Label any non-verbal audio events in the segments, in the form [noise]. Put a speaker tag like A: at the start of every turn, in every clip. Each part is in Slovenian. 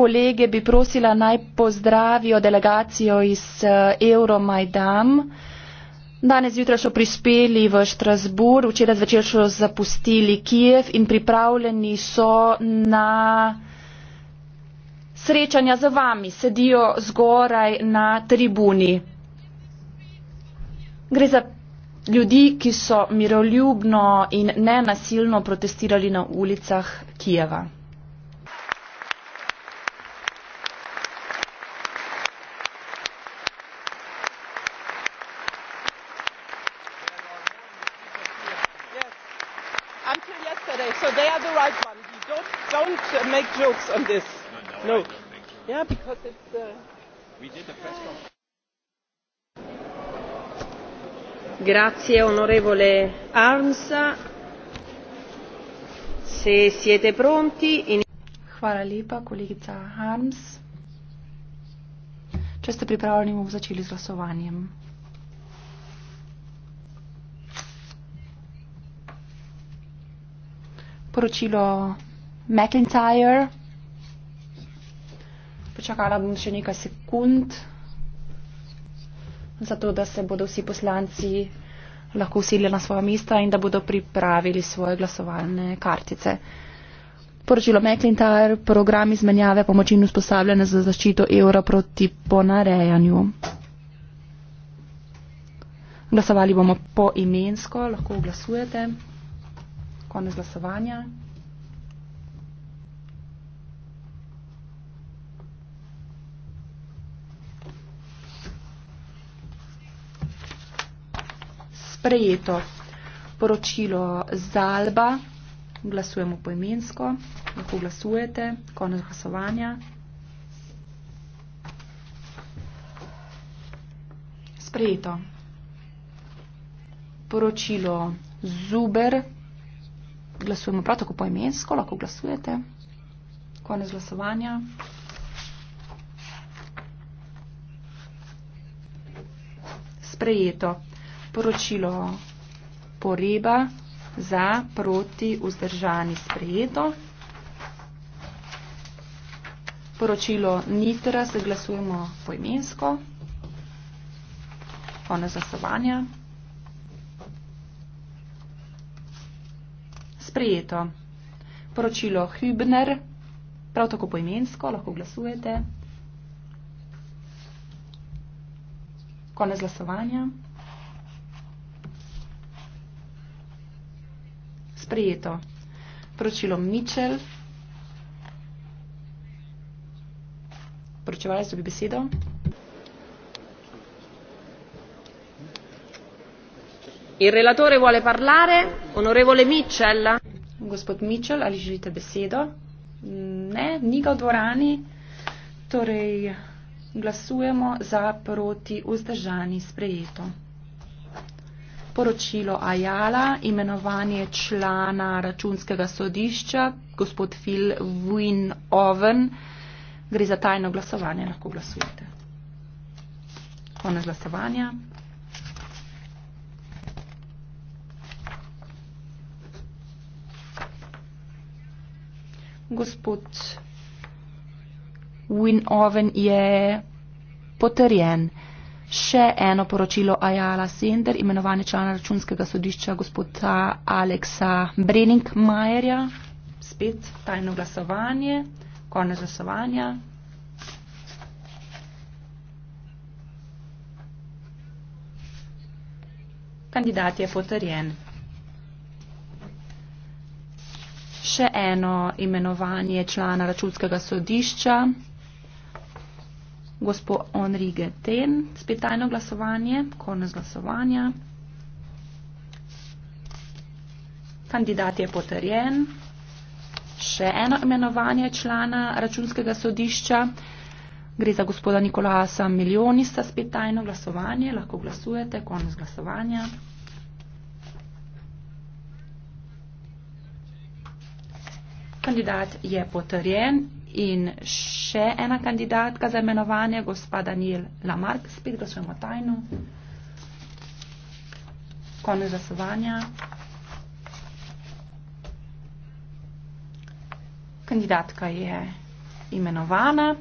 A: kolege bi prosila naj pozdravijo delegacijo iz eh, Euromajdam. Danes jutra so prispeli v Štrasbur, včeraj zvečer so zapustili Kijev in pripravljeni so na srečanja z vami, sedijo zgoraj na tribuni. Gre za ljudi, ki so miroljubno in nenasilno protestirali na ulicah Kijeva.
B: jokes on this. No.
A: Yeah, because it's. Uh... We did a press conference. Grazie onorevole Arms. Se siete pronti. In... Hvala lepa, kolegica Harms. Če ste pripravljeni, bomo začeli z glasovanjem. Poročilo McIntyre. Počakala bom še nekaj sekund, zato da se bodo vsi poslanci lahko usilili na svoja mesta in da bodo pripravili svoje glasovalne kartice. Poročilo McIntyre, program izmenjave pomoči in usposabljanja za zaščito evra proti ponarejanju. Glasovali bomo poimensko, lahko glasujete. Konec glasovanja. sprejeto. Poročilo Zalba, glasujemo poimensko, lahko glasujete, konec glasovanja. Sprejeto. Poročilo Zuber, glasujemo prav tako poimensko, lahko glasujete, konec glasovanja. Sprejeto poročilo poreba za proti vzdržani sprejeto. Poročilo NITRA se glasujemo poimensko. Kone zasovanja. Sprejeto. Poročilo HÜBNER, prav tako poimensko, lahko glasujete. Kone zasovanja. Sprejeto. sprejeto. Poročilo Mičel. Poročevalec dobi besedo. Il relatore vuole parlare, onorevole Mitchell. Gospod Mitchell, ali želite besedo? Ne, ni ga v dvorani. Torej, glasujemo za proti vzdržani sprejeto poročilo Ajala, imenovanje člana računskega sodišča, gospod Phil Wynne Oven. Gre za tajno glasovanje, lahko glasujete. Konec glasovanja. Gospod Wynne Oven je potrjen še eno poročilo Ajala Sender, imenovane člana računskega sodišča gospoda Aleksa Breningmajerja. Spet tajno glasovanje, konec glasovanja. Kandidat je potrjen. Še eno imenovanje člana računskega sodišča gospod Henri Geten, spet tajno glasovanje, konec glasovanja. Kandidat je potrjen. Še eno imenovanje člana računskega sodišča. Gre za gospoda Nikolasa Milionista, spet tajno glasovanje, lahko glasujete, konec glasovanja. Kandidat je potrjen in še ena kandidatka za imenovanje, gospa Daniel Lamark, spet glasujemo tajno. Konec glasovanja. Kandidatka je imenovana.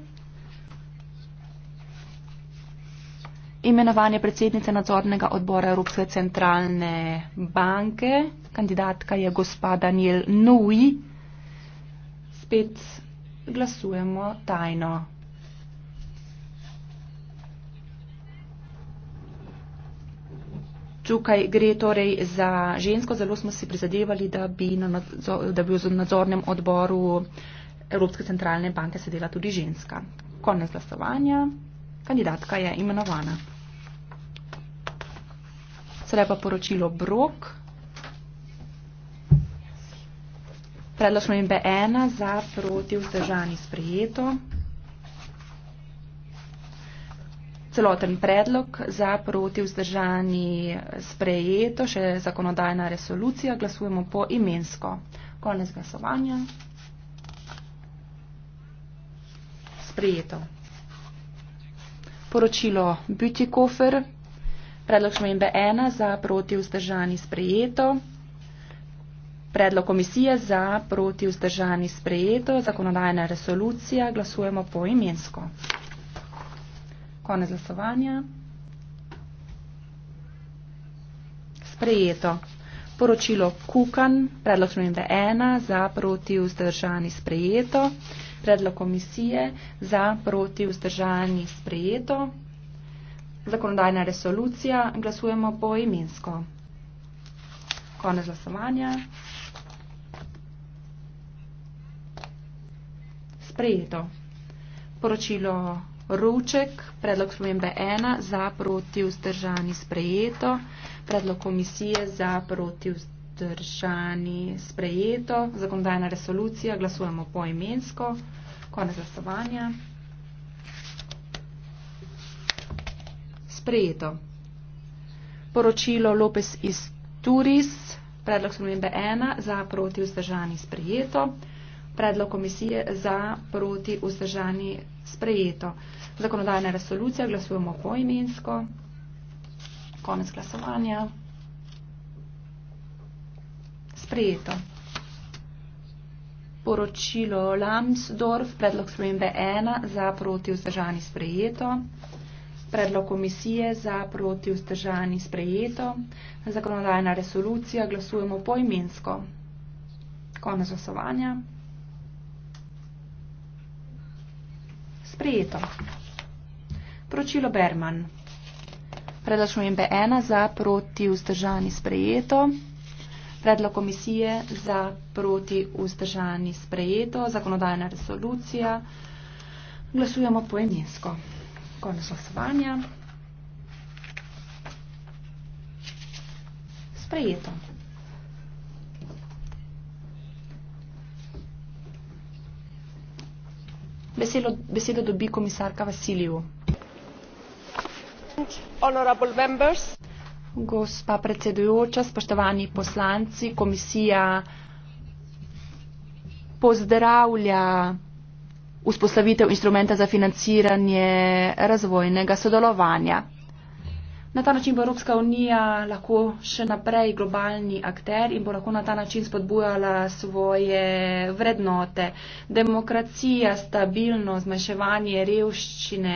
A: Imenovanje predsednice nadzornega odbora Evropske centralne banke. Kandidatka je gospa Daniel Nui. Spet glasujemo tajno. Tukaj gre torej za žensko, zelo smo si prizadevali, da bi, na nadzor, da bi v nadzornem odboru Evropske centralne banke sedela tudi ženska. Konec glasovanja, kandidatka je imenovana. Sedaj pa poročilo Brok. Predlog spremembe ena za proti vzdržani sprejeto. Celoten predlog za proti vzdržani sprejeto, še zakonodajna resolucija, glasujemo po imensko. Konec glasovanja. Sprejeto. Poročilo Bütikofer, predlog spremembe ena za proti vzdržani sprejeto predlog komisije za proti vzdržani sprejeto, zakonodajna resolucija, glasujemo po imensko. Konec glasovanja. Sprejeto. Poročilo Kukan, predlog slovenbe 1 za proti vzdržani sprejeto, predlog komisije za proti vzdržani sprejeto, zakonodajna resolucija, glasujemo po imensko. Konec glasovanja. sprejeto. Poročilo Ruček, predlog spremembe 1 za proti vzdržani sprejeto, predlog komisije za proti vzdržani sprejeto, zakonodajna resolucija, glasujemo poimensko, konec glasovanja. Sprejeto. Poročilo Lopes iz Turis, predlog spremembe 1 za proti vzdržani sprejeto predlog komisije za proti vzdržani sprejeto. Zakonodajna resolucija glasujemo poimensko. Konec glasovanja. Sprejeto. Poročilo Lambsdorf, predlog spremembe 1 za proti vzdržani sprejeto. Predlog komisije za proti vzdržani sprejeto. Zakonodajna resolucija glasujemo poimensko. Konec glasovanja. sprejeto. Pročilo Berman. Predlašujem B1 za proti vzdržani sprejeto. Predlog komisije za proti vzdržani sprejeto. Zakonodajna resolucija. Glasujemo poemensko. Konec glasovanja. Sprejeto. Besedo, besedo dobi komisarka Vasiljev. Gospa predsedujoča, spoštovani poslanci, komisija pozdravlja vzpostavitev instrumenta za financiranje razvojnega sodelovanja. Na ta način bo Evropska unija lahko še naprej globalni akter in bo lahko na ta način spodbujala svoje vrednote. Demokracija, stabilnost, zmanjševanje revščine,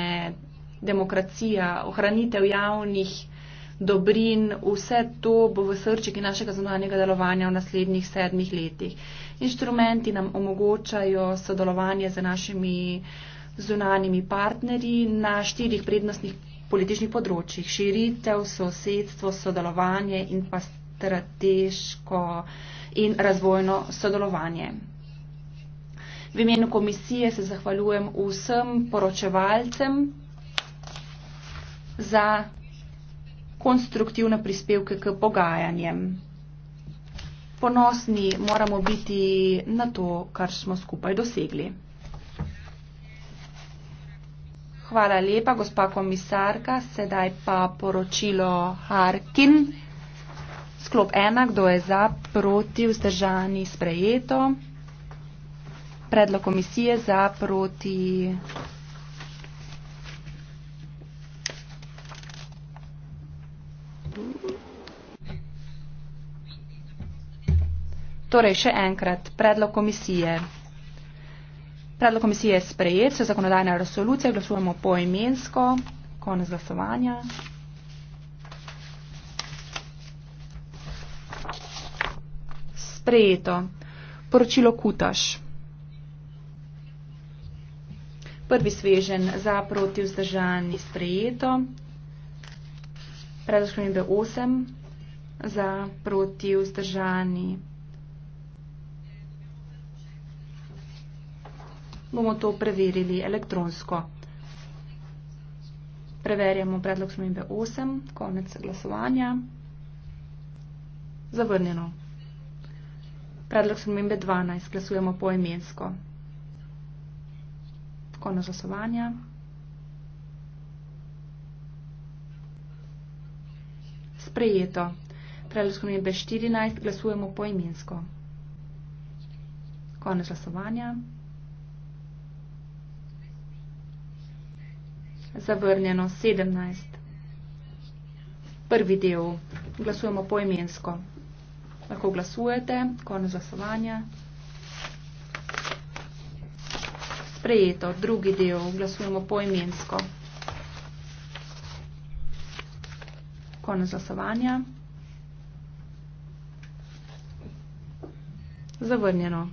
A: demokracija, ohranitev javnih dobrin, vse to bo v srčiki našega zunanjega delovanja v naslednjih sedmih letih. Inštrumenti nam omogočajo sodelovanje z našimi zunanjimi partnerji na štirih prednostnih področjih političnih področjih. Širitev, sosedstvo, sodelovanje in pa strateško in razvojno sodelovanje. V imenu komisije se zahvaljujem vsem poročevalcem za konstruktivne prispevke k pogajanjem. Ponosni moramo biti na to, kar smo skupaj dosegli. Hvala lepa, gospa komisarka. Sedaj pa poročilo Harkin. Sklop ena, kdo je za, proti, vzdržani, sprejeto. Predlog komisije za, proti. Torej, še enkrat, predlog komisije. Predlog komisije je sprejet, se zakonodajna resolucija, glasujemo poimensko, konec glasovanja. Sprejeto. Poročilo Kutaš. Prvi svežen za proti vzdržani sprejeto. Predlog komisije 8 za proti vzdržani sprejeto. bomo to preverili elektronsko. Preverjamo predlog smembe 8, konec glasovanja. Zavrnjeno. Predlog smembe 12, glasujemo poemensko. Konec glasovanja. Sprejeto. Predlog smembe 14, glasujemo poemensko. Konec glasovanja. zavrnjeno 17. Prvi del. Glasujemo poimensko. Lahko glasujete, konec glasovanja. Sprejeto. Drugi del. Glasujemo poimensko. Konec glasovanja. Zavrnjeno.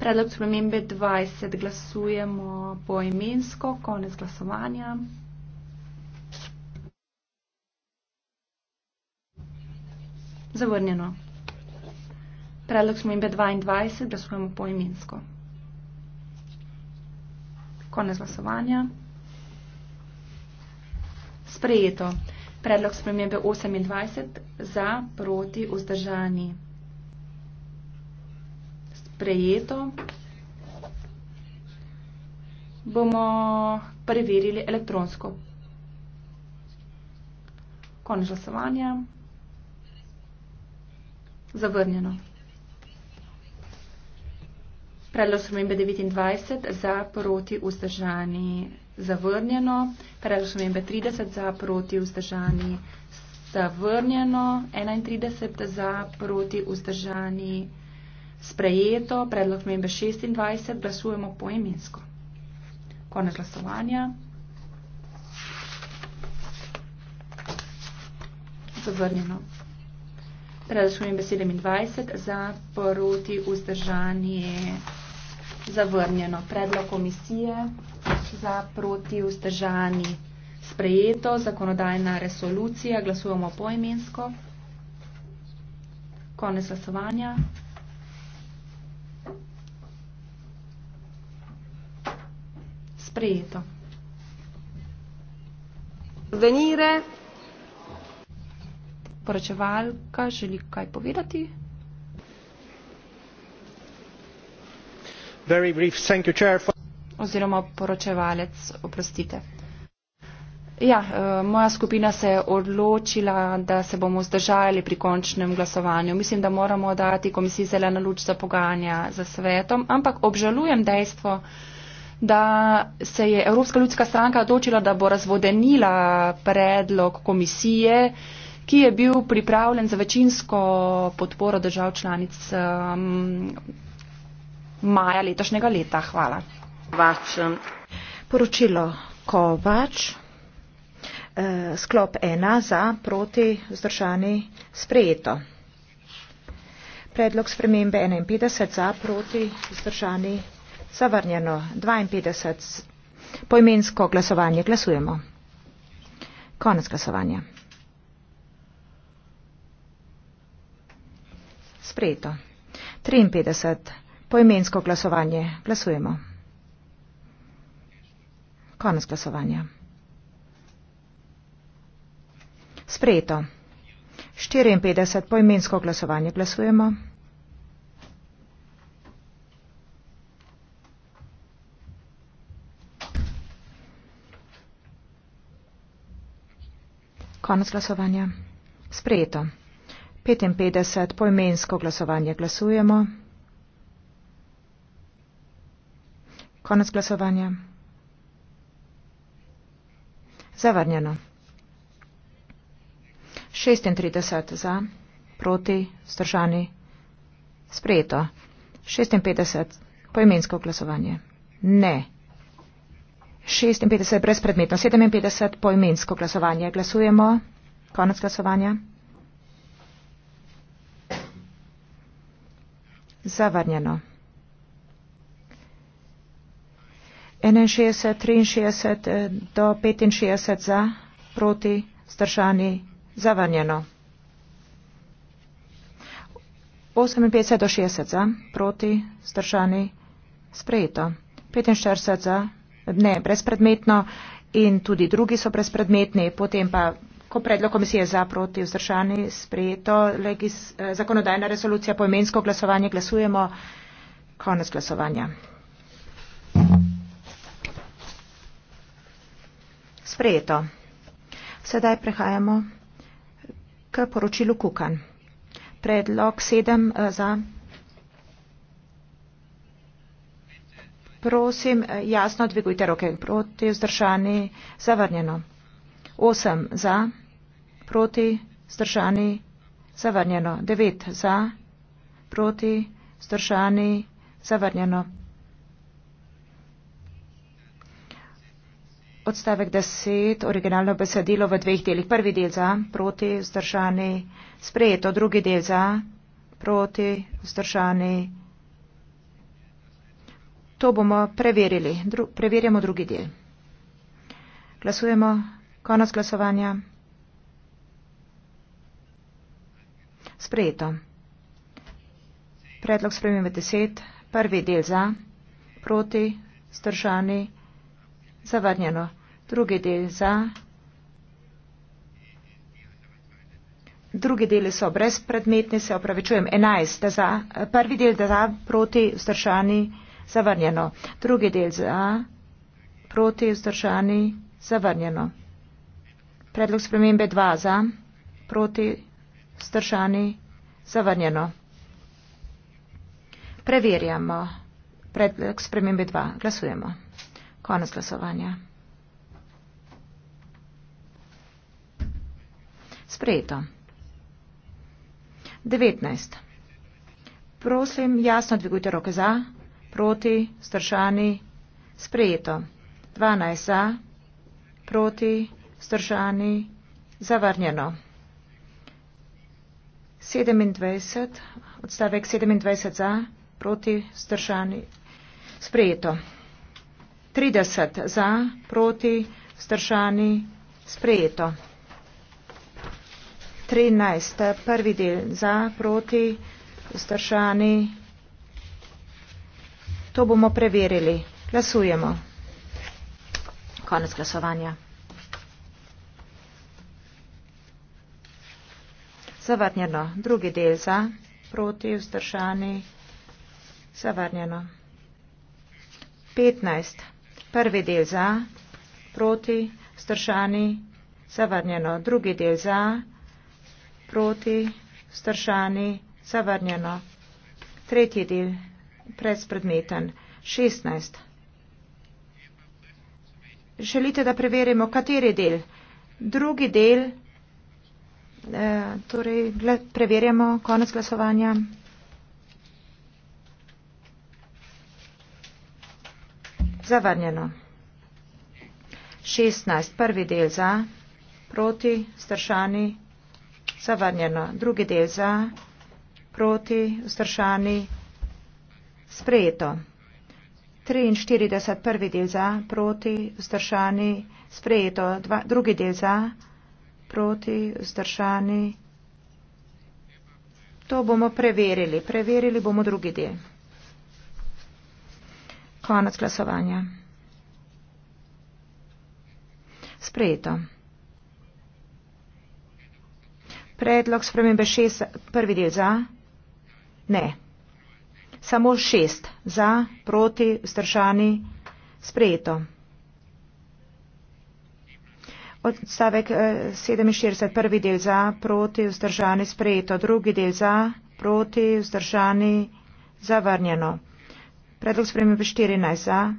A: Predlog spremembe 20 glasujemo poimensko, konec glasovanja. Zavrnjeno. Predlog spremembe 22 glasujemo poimensko. Konec glasovanja. Sprejeto. Predlog spremembe 28 za proti vzdržanji sprejeto, bomo preverili elektronsko. Konec glasovanja. Zavrnjeno. Predlog spremembe 29 za proti vzdržani zavrnjeno. Predlog spremembe 30 za proti vzdržani zavrnjeno. 31 za proti vzdržani zavrnjeno. Sprejeto, predlog membe 26, glasujemo poimensko. Konec glasovanja. Zavrnjeno. Predlog membe 27, za proti vzdržanje. Zavrnjeno. Predlog komisije za proti vzdržanje. Sprejeto, zakonodajna resolucija, glasujemo poimensko. Konec glasovanja. Sprejeto. Venire. Poročevalka želi kaj povedati. Very brief. Thank you, chair. Oziroma poročevalec, oprostite. Ja, eh, moja skupina se je odločila, da se bomo zdržali pri končnem glasovanju. Mislim, da moramo dati komisiji zeleno luč za pogajanja za svetom, ampak obžalujem dejstvo, da se je Evropska ljudska stranka odločila, da bo razvodenila predlog komisije, ki je bil pripravljen za večinsko podporo držav članic um, maja letošnjega leta. Hvala. Vačem. Um.
B: Poročilo Kovač. Eh, sklop 1 za proti vzdržani sprejeto. Predlog spremembe 51 za proti vzdržani Zavrnjeno 52. Poimensko glasovanje. Glasujemo. Konec glasovanja. Sprejeto. 53. Poimensko glasovanje. Glasujemo. Konec glasovanja. Sprejeto. 54. Poimensko glasovanje. Glasujemo. Konec glasovanja. Sprejeto. 55 poimensko glasovanje glasujemo. Konec glasovanja. Zavrnjeno. 36 za, proti, zdržani. Sprejeto. 56 poimensko glasovanje. Ne. 56 brezpredmetno, 57 poimensko glasovanje. Glasujemo. Konec glasovanja. Zavrnjeno. 61, 63 eh, do 65 za, proti, zdržani, zavrnjeno. 58 do 60 za, proti, zdržani, sprejeto. 45 za, ne brezpredmetno in tudi drugi so brezpredmetni, potem pa, ko predlog komisije za proti vzdržani sprejeto legis, eh, zakonodajna resolucija po imensko glasovanje, glasujemo konec glasovanja. Sprejeto. Sedaj prehajamo k poročilu Kukan. Predlog sedem eh, za. Prosim, eh, jasno dvigujte roke. Proti vzdržani, zavrnjeno. 8 za, proti vzdržani, zavrnjeno. 9 za, proti vzdržani, zavrnjeno. Odstavek 10, originalno besedilo v dveh delih. Prvi del za, proti vzdržani, sprejeto. Drugi del za, proti vzdržani, zavrnjeno. To bomo preverili. Dru preverjamo drugi del. Glasujemo. Konec glasovanja. Sprejeto. Predlog spremem v deset. Prvi del za, proti, stržani, zavrnjeno. Drugi del za. Drugi deli so brezpredmetni, se opravičujem, enajst za, prvi del za, proti, stržani, zavrnjeno zavrnjeno. Drugi del za A, proti vzdržani, zavrnjeno. Predlog spremembe 2 za, proti vzdržani, zavrnjeno. Preverjamo. Predlog spremembe 2. Glasujemo. Konec glasovanja. Sprejeto. 19. Prosim, jasno dvigujte roke za proti, stršani, sprejeto. 12 za, proti, stršani, zavrnjeno. 27, odstavek 27 za, proti, stršani, sprejeto. 30 za, proti, stršani, sprejeto. 13. prvi del za, proti, stršani, sprejeto. To bomo preverili. Glasujemo. Konec glasovanja. Zavrnjeno. Drugi del za, proti, vzdržani. Zavrnjeno. 15. Prvi del za, proti, vzdržani. Zavrnjeno. Drugi del za, proti, vzdržani. Zavrnjeno. Tretji del predspredmeten. 16. Želite, da preverimo, kateri del? Drugi del, eh, torej preverjamo konec glasovanja. Zavrnjeno. 16. Prvi del za, proti, stršani, zavrnjeno. Drugi del za, proti, stršani, zavrnjeno sprejeto. 43. prvi del za, proti, vzdržani, sprejeto. Dva, drugi del za, proti, vzdržani. To bomo preverili. Preverili bomo drugi del. Konec glasovanja. Sprejeto. Predlog spremembe 6. prvi del za? Ne samo šest za, proti, vzdržani, sprejeto. Odstavek 47, eh, prvi del za, proti, vzdržani, sprejeto, drugi del za, proti, vzdržani, zavrnjeno. Predlog spremembe 14 za,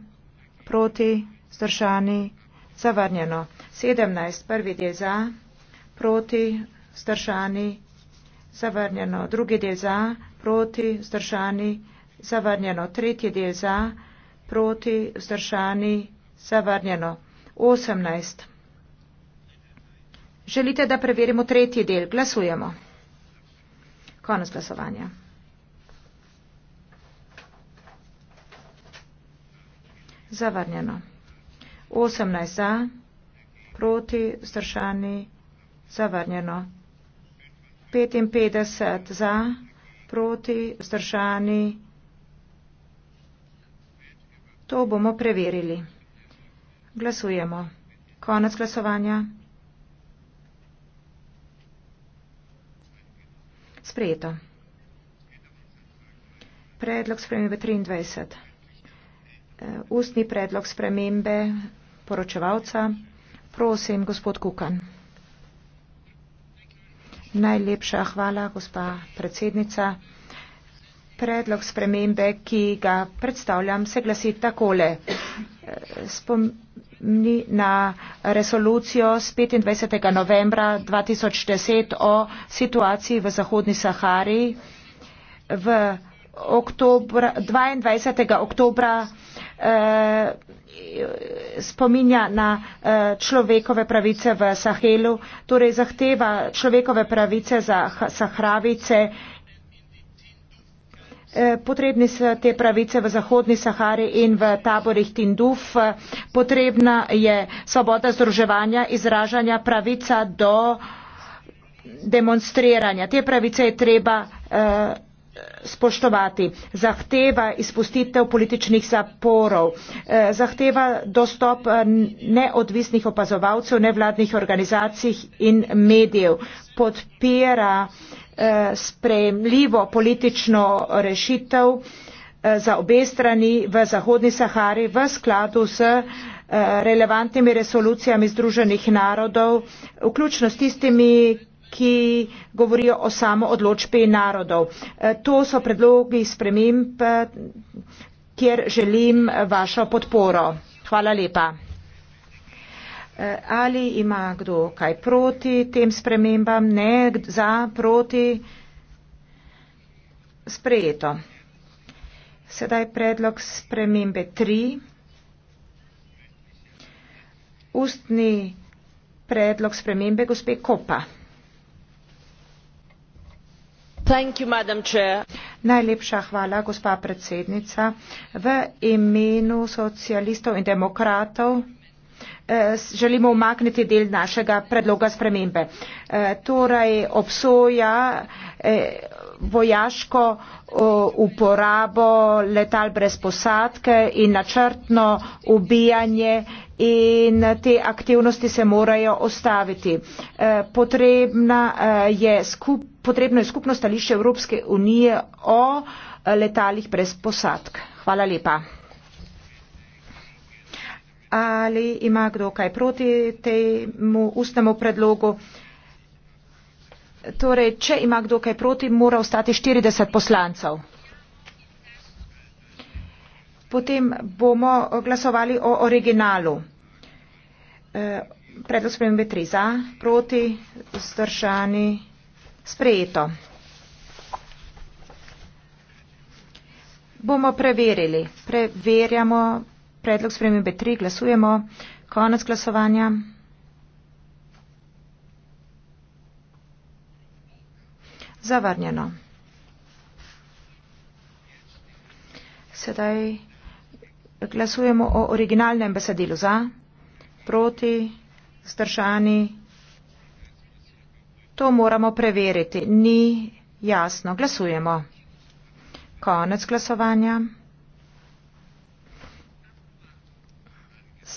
B: proti, vzdržani, zavrnjeno. 17, prvi del za, proti, vzdržani, zavrnjeno. Drugi del za, proti, vzdržani, zavrnjeno zavrnjeno, tretji del za, proti, vzdržani, zavrnjeno. 18. Želite, da preverimo tretji del? Glasujemo. Konec glasovanja. Zavrnjeno. 18 za, proti, vzdržani, zavrnjeno. 55 za, proti, vzdržani, zavrnjeno. To bomo preverili. Glasujemo. Konec glasovanja. Sprejeto. Predlog spremembe 23. Eh, ustni predlog spremembe poročevalca. Prosim, gospod Kukan. Najlepša hvala, gospa predsednica predlog spremembe, ki ga predstavljam, se glasi takole. Spomni na resolucijo z 25. novembra 2010 o situaciji v Zahodni Sahari. V oktober, 22. oktobra eh, spominja na eh, človekove pravice v Sahelu, torej zahteva človekove pravice za sahravice Eh, potrebni so te pravice v Zahodni Sahari in v taborih Tinduf, eh, potrebna je svoboda združevanja, izražanja, pravica do demonstriranja. Te pravice je treba eh, spoštovati. Zahteva izpustitev političnih zaporov, zahteva dostop neodvisnih opazovalcev, nevladnih organizacij in medijev, podpira eh, Eh, sprejemljivo politično rešitev eh, za obe strani v Zahodni Sahari v skladu s eh, relevantnimi resolucijami Združenih narodov, vključno s tistimi, ki govorijo o samoodločbi narodov. To so predlogi sprememb, kjer želim vašo podporo. Hvala lepa. Eh, ali ima kdo kaj proti tem spremembam, ne za, proti sprejeto. Sedaj predlog spremembe 3. Ustni predlog spremembe gospe Kopa. You, Najlepša hvala, gospa predsednica. V imenu socialistov in demokratov. Eh, želimo umakniti del našega predloga spremembe. Eh, torej obsoja eh, vojaško uporabo letal brez posadke in načrtno ubijanje in te aktivnosti se morajo ostaviti. Potrebna je skup, potrebno je skupno stališče Evropske unije o letalih brez posadk. Hvala lepa ali ima kdo kaj proti temu ustnemu predlogu? Torej, če ima kdo kaj proti, mora ostati 40 poslancev. Potem bomo glasovali o originalu. E, predlog spremembe 3 za, proti, zdržani, sprejeto. Bomo preverili. Preverjamo Predlog spremembe 3 glasujemo. Konec glasovanja. Zavrnjeno. Sedaj glasujemo o originalnem besedilu za, proti, zdržani. To moramo preveriti. Ni jasno. Glasujemo. Konec glasovanja.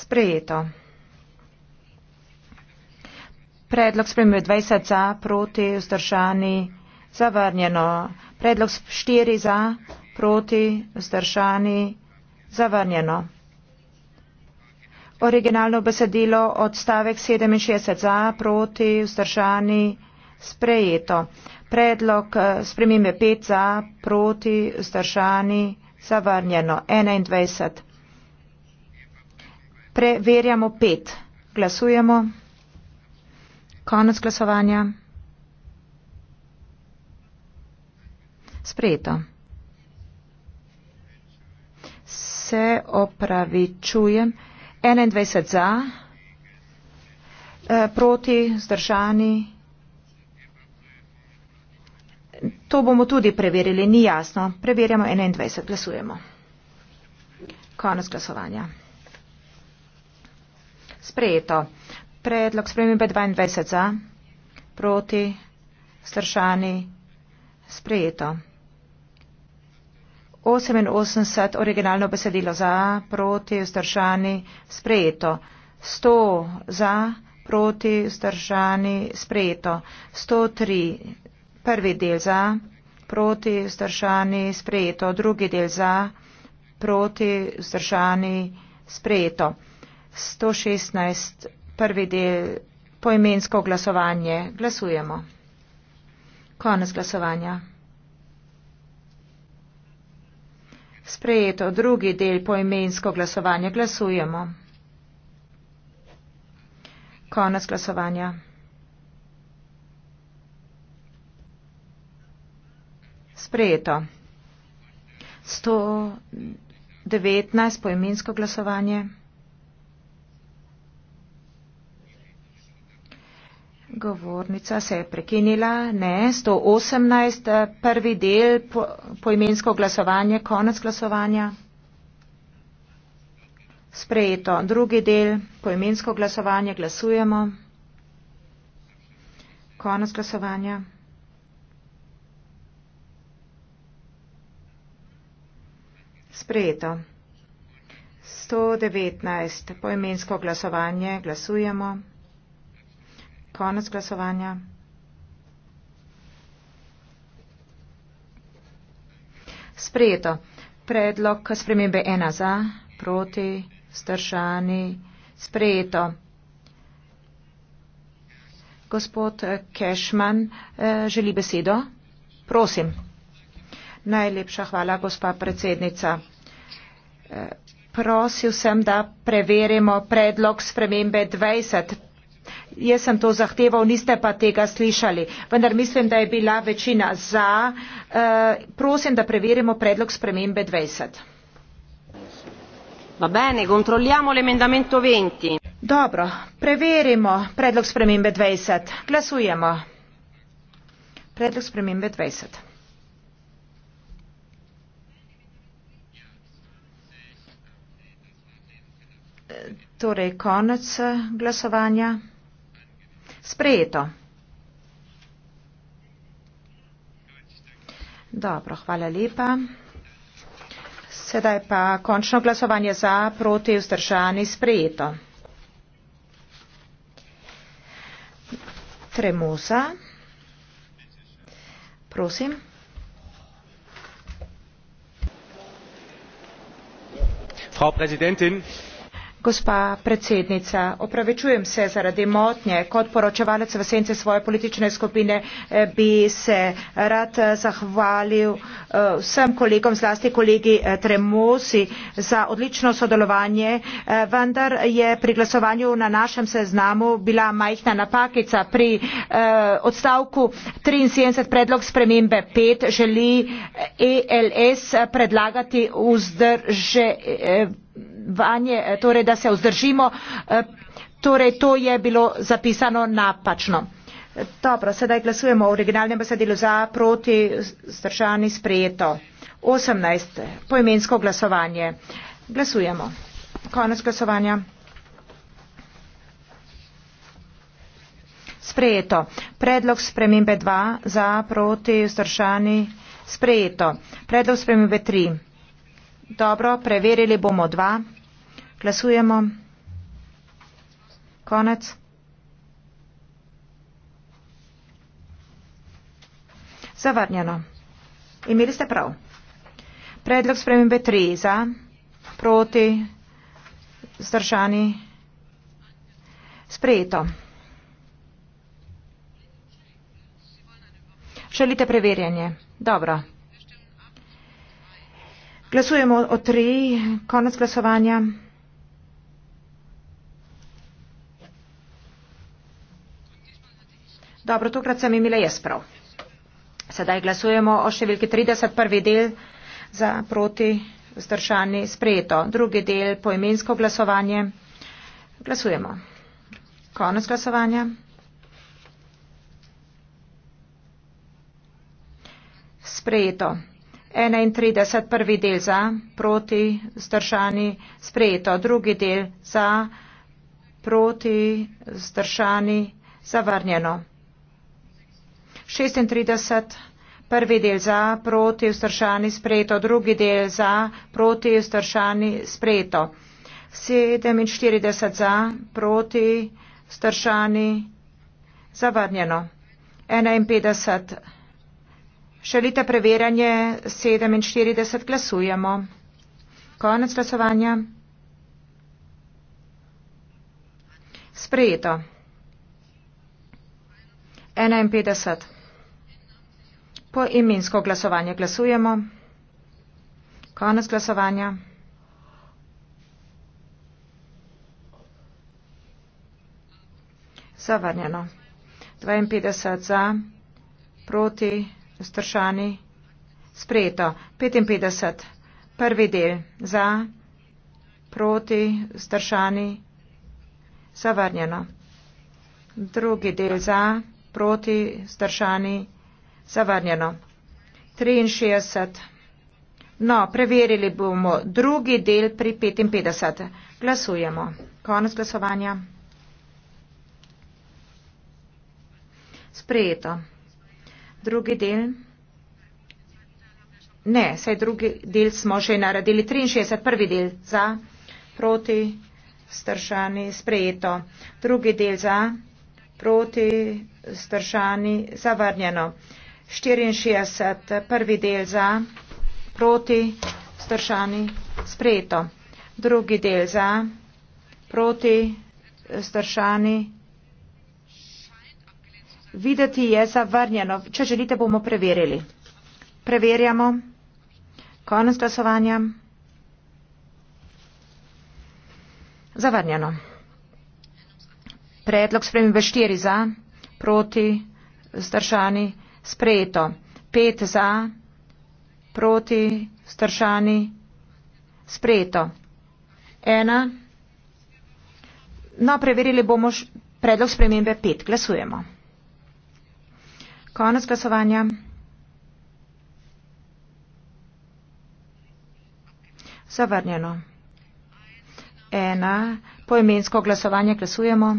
B: sprejeto. Predlog spremembe 20 za, proti, vzdržani, zavrnjeno. Predlog 4 za, proti, vzdržani, zavrnjeno. Originalno besedilo odstavek 67 za, proti, vzdržani, sprejeto. Predlog eh, spremembe 5 za, proti, vzdržani, zavrnjeno. 21. Preverjamo pet. Glasujemo. Konec glasovanja. Sprejeto. Se opravičujem. 21 za, e, proti, zdržani. To bomo tudi preverili, ni jasno. Preverjamo 21, glasujemo. Konec glasovanja sprejeto. Predlog spremembe 22 za, proti, stršani, sprejeto. 88 originalno besedilo za, proti, stršani, sprejeto. 100 za, proti, stršani, sprejeto. 103 prvi del za, proti, stršani, sprejeto. Drugi del za, proti, stršani, sprejeto. 116, prvi del, poimensko glasovanje. Glasujemo. Konec glasovanja. Sprejeto drugi del poimensko glasovanje. Glasujemo. Konec glasovanja. Sprejeto. 119 poimensko glasovanje. Govornica se je prekinila. Ne, 118. Eh, prvi del po, poimensko glasovanje, konec glasovanja. Sprejeto. Drugi del poimensko glasovanje, glasujemo. Konec glasovanja. Sprejeto. 119. Poimensko glasovanje, glasujemo. Konec glasovanja. Sprejeto. Predlog spremembe ena za, proti, stršani. Sprejeto. Gospod Kešman eh, želi besedo. Prosim. Najlepša hvala, gospa predsednica. Eh, prosil sem, da preverimo predlog spremembe 20. Jaz sem to zahteval, niste pa tega slišali. Vendar mislim, da je bila večina za. E, prosim, da preverimo predlog spremembe 20. Va bene, kontroliamo l'emendamento 20. Dobro, preverimo predlog spremembe 20. Glasujemo. Predlog spremembe 20. Eh, torej, konec eh, glasovanja. Sprejeto. Dobro, hvala lepa. Sedaj pa končno glasovanje za, proti, vzdržani, sprejeto. Tremusa.
A: Prosim. Frau Präsidentin,
B: gospa predsednica opravičujem se zaradi motnje kot poročevalec v senci svoje politične skupine eh, bi se rad eh, zahvalil eh, vsem kolegom zlasti kolegi tremosi za odlično sodelovanje vendar je pri glasovanju na našem seznamu bila majhna napakica pri odstavku triinsedemdeset predlog spremembe pet želi els e predlagati vzdrže vanje, eh, torej, da se vzdržimo. Eh, torej, to je bilo zapisano napačno. Dobro, sedaj glasujemo o originalnem besedilu za, proti, zdržani, sprejeto. 18. Poimensko glasovanje. Glasujemo. Konec glasovanja. Sprejeto. Predlog spremembe 2 za, proti, zdržani, sprejeto. Predlog spremembe 3. Dobro, preverili bomo 2. Glasujemo. Konec. Zavrnjeno. Imeli ste prav. Predlog spremembe 3 za, proti, zdržani. Sprejeto. Želite preverjanje? Dobro. Glasujemo o tri, konec glasovanja. Dobro, tokrat sem imela jaz prav. Sedaj glasujemo o številki 31. del za proti vzdržani sprejeto. Drugi del poimensko glasovanje. Glasujemo. Konec glasovanja. Sprejeto. 31. prvi del za, proti, zdržani, sprejeto. Drugi del za, proti, zdržani, zavrnjeno. 36. Prvi del za, proti vzdržani sprejeto. Drugi del za, proti vzdržani sprejeto. 47 za, proti vzdržani zavrnjeno. 51. Želite preverjanje? 47 glasujemo. Konec glasovanja. Sprejeto. 51. Po imensko glasovanje glasujemo. Konec glasovanja. Zavrnjeno. 52 za, proti, vzdržani, sprejeto. 55. Prvi del za, proti, vzdržani, zavrnjeno. Drugi del za proti vzdržani zavrnjeno. 63. No, preverili bomo drugi del pri 55. Glasujemo. Konec glasovanja. Sprejeto. Drugi del. Ne, saj drugi del smo že naredili. 63. Prvi del za, proti, stršani, sprejeto. Drugi del za proti vzdržani zavrnjeno. 64. Prvi del za proti vzdržani sprejeto. Drugi del za proti vzdržani. Videti je zavrnjeno. Če želite, bomo preverili. Preverjamo. Konec glasovanja. Zavrnjeno. Predlog spremembe 4 za, proti, zdržani, sprejeto. 5 za, proti, zdržani, sprejeto. 1. No, preverili bomo predlog spremembe 5. Glasujemo. Konec glasovanja. Zavrnjeno. 1. Poimensko glasovanje glasujemo.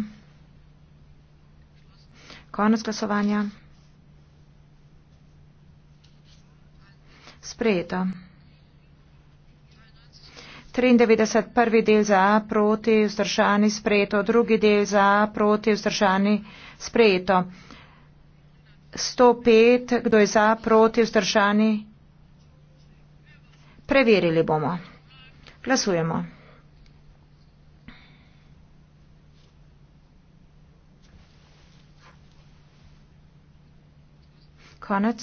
B: Konec glasovanja. Sprejeto. 93. prvi del za, proti vzdržani, sprejeto. Drugi del za, proti vzdržani, sprejeto. 105. Kdo je za, proti vzdržani? Preverili bomo. Glasujemo. Konec.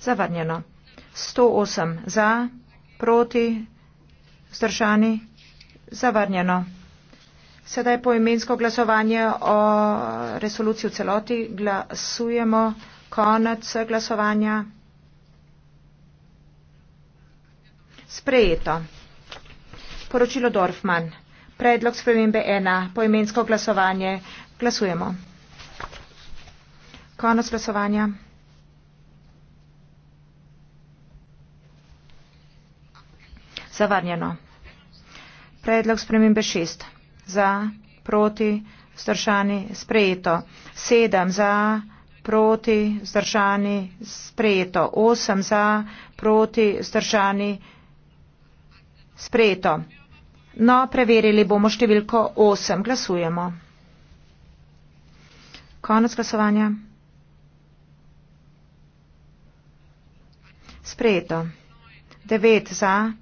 B: Zavrnjeno. 108 za, proti, zdržani. Zavrnjeno. Sedaj po imensko glasovanje o resoluciji v celoti glasujemo. Konec glasovanja. Sprejeto. Poročilo Dorfman. Predlog spremembe 1. Poimensko glasovanje. Glasujemo. Konec glasovanja. Zavrnjeno. Predlog spremembe šest. Za, proti, vzdržani, sprejeto. Sedem za, proti, vzdržani, sprejeto. Osem za, proti, vzdržani, sprejeto. No, preverili bomo številko osem. Glasujemo. Konec glasovanja. sprejeto. 9 za,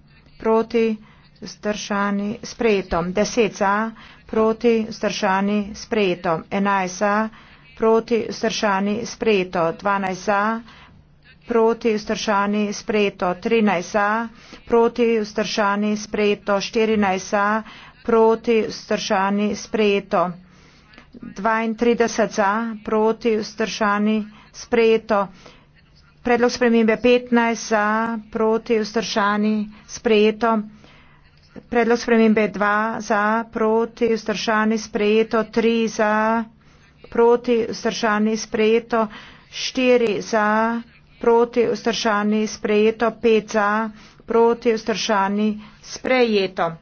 B: proti, zdržani, sprejeto. 10 za, proti, zdržani, sprejeto. 11 za, proti, zdržani, sprejeto. 12 za, proti, zdržani, sprejeto. 13 za, proti, zdržani, sprejeto. 14 za, proti, zdržani, sprejeto. 32 za, proti, zdržani, sprejeto. Predlog spremembe 15 za proti vzdržani sprejeto. Predlog spremembe 2 za proti vzdržani sprejeto. 3 za proti vzdržani sprejeto. 4 za proti vzdržani sprejeto. 5 za proti vzdržani sprejeto.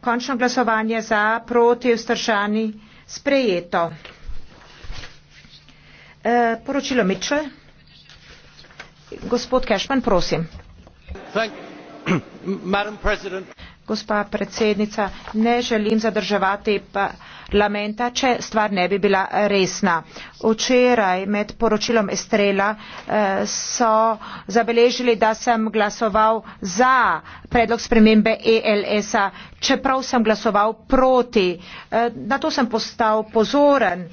B: Končno glasovanje za proti vzdržani sprejeto. E, poročilo Mičel. [clears throat] gospa predsednica ne želim zadrževati parlamenta če stvar ne bi bila resna. včeraj med poročilom estrela eh, so zabeležili da sem glasoval za predlog spremembe els a čeprav sem glasoval proti. Eh, na to sem postal pozoren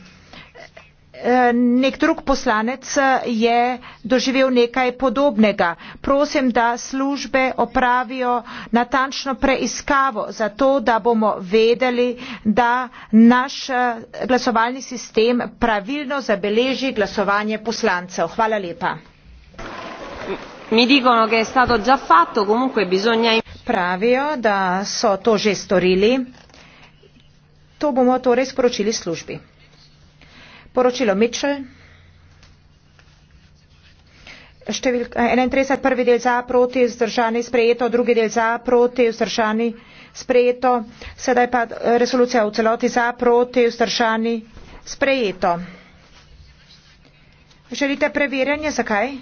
B: nek drug poslanec je doživel nekaj podobnega. Prosim, da službe opravijo natančno preiskavo, zato da bomo vedeli, da naš eh, glasovalni sistem pravilno zabeleži glasovanje poslancev. Hvala lepa. Pravijo, da so to že storili. To bomo torej sporočili službi. Poročilo Mitchell. Številka 31, prvi del za, proti, vzdržani, sprejeto, drugi del za, proti, vzdržani, sprejeto. Sedaj pa eh, resolucija v celoti za, proti, vzdržani, sprejeto. Želite preverjanje, zakaj?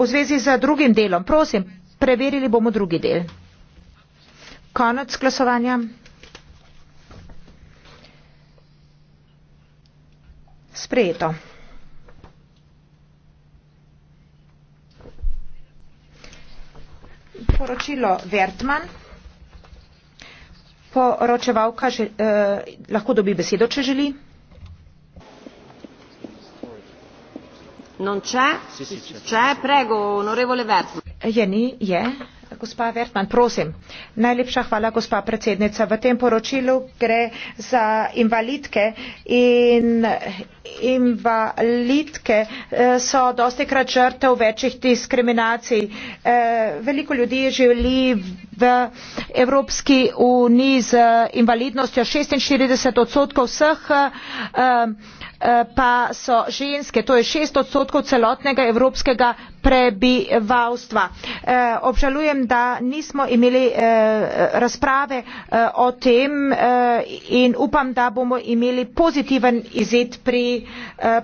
B: V zvezi z drugim delom. Prosim, preverili bomo drugi del. Konec glasovanja. sprejeto. Poročilo Vertman. Poročevalka že, eh, lahko dobi besedo, če želi. Non c'è? C'è prego, onorevole Vertman. Je ni, je gospa Vertman, prosim. Najlepša hvala, gospa predsednica. V tem poročilu gre za invalidke in invalidke eh, so dosti krat žrtev večjih diskriminacij. Eh, veliko ljudi želi v evropski uniji z invalidnostjo šestinštirideset odstotkov vseh eh, eh, pa so ženske to je šest odstotkov celotnega evropskega prebivalstva. Eh, obžalujem da nismo imeli razprave o tem in upam da bomo imeli pozitiven izid pri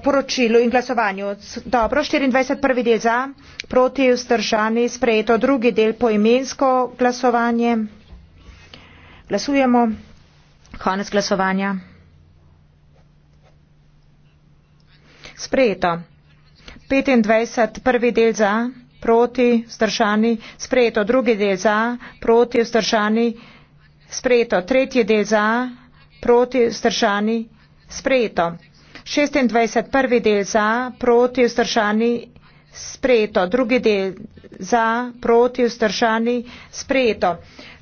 B: poročilu in glasovanju. dobro štiriindvajset prvi del za proti vzdržani sprejeto drugi del poimensko glasovanje glasovanje. Glasujemo. Konec glasovanja. Sprejeto. 25. Prvi del za, proti, vzdržani. Sprejeto. Drugi del za, proti, vzdržani. Sprejeto. Tretji del za, proti, vzdržani. Sprejeto. 26. Prvi del za, proti, vzdržani. Sprejeto. Drugi del za, proti, vzdržani, sprejeto.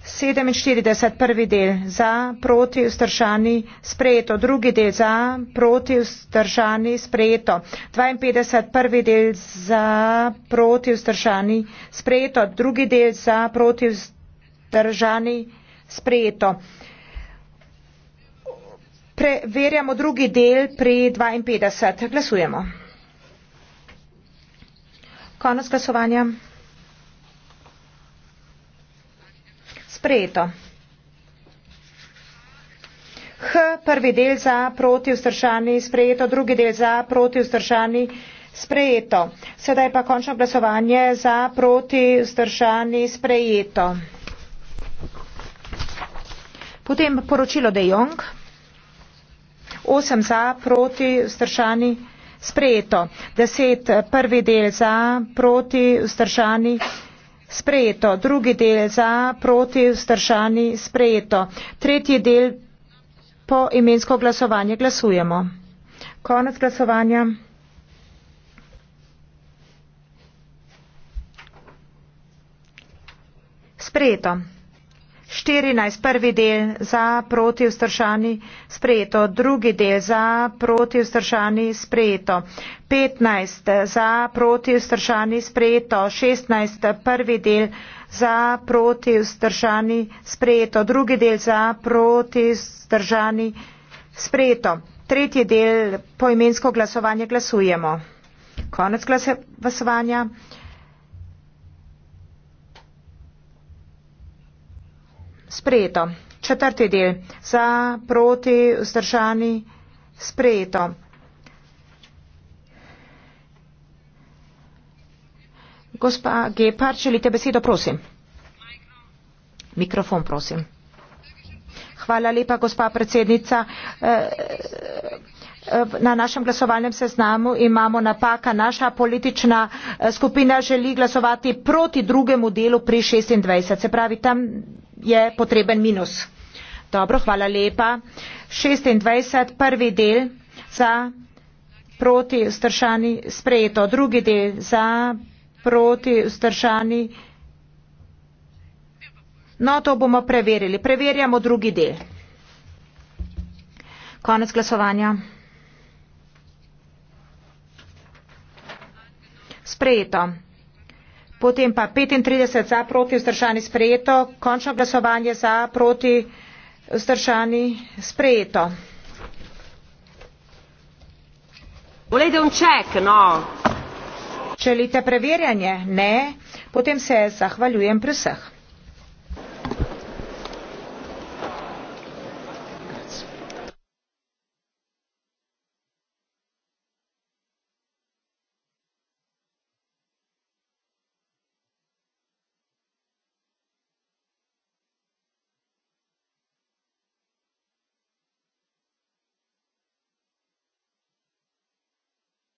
B: 47. prvi del za, proti, vzdržani, sprejeto. Drugi del za, proti, vzdržani, sprejeto. 52. prvi del za, proti, vzdržani, sprejeto. Drugi del za, proti, vzdržani, sprejeto. Preverjamo drugi del pri 52. Glasujemo. Konec glasovanja. sprejeto. H, prvi del za, proti vzdržani, sprejeto, drugi del za, proti vzdržani, sprejeto. Sedaj pa končno glasovanje za, proti vzdržani, sprejeto. Potem poročilo De Jong. 8 za, proti vzdržani, sprejeto. 10, prvi del za, proti vzdržani, sprejeto sprejeto, drugi del za, proti, vzdržani, sprejeto, tretji del po imensko glasovanje glasujemo. Konec glasovanja. Sprejeto. 14. prvi del za proti vzdržani sprejeto, drugi del za proti vzdržani sprejeto, 15. za proti vzdržani sprejeto, 16. prvi del za proti vzdržani sprejeto, drugi del za proti vzdržani sprejeto, tretji del poimensko glasovanje glasujemo. Konec glasovanja. Glase- sprejeto. Četrti del. Za, proti, vzdržani, sprejeto. Gospa Gepar, želite besedo, prosim. Mikrofon, prosim. Hvala lepa, gospa predsednica. Eh, eh, na našem glasovalnem seznamu imamo napaka. Naša politična eh, skupina želi glasovati proti drugemu delu pri 26. Se pravi, tam je potreben minus. Dobro, hvala lepa. 26. prvi del za proti stršani sprejeto. Drugi del za proti stršani. No, to bomo preverili. Preverjamo drugi del. Konec glasovanja. Sprejeto. Potem pa 35 za, proti, vzdržani sprejeto. Končno glasovanje za, proti, vzdržani sprejeto. Check, no. Želite preverjanje? Ne. Potem se zahvaljujem pri vseh.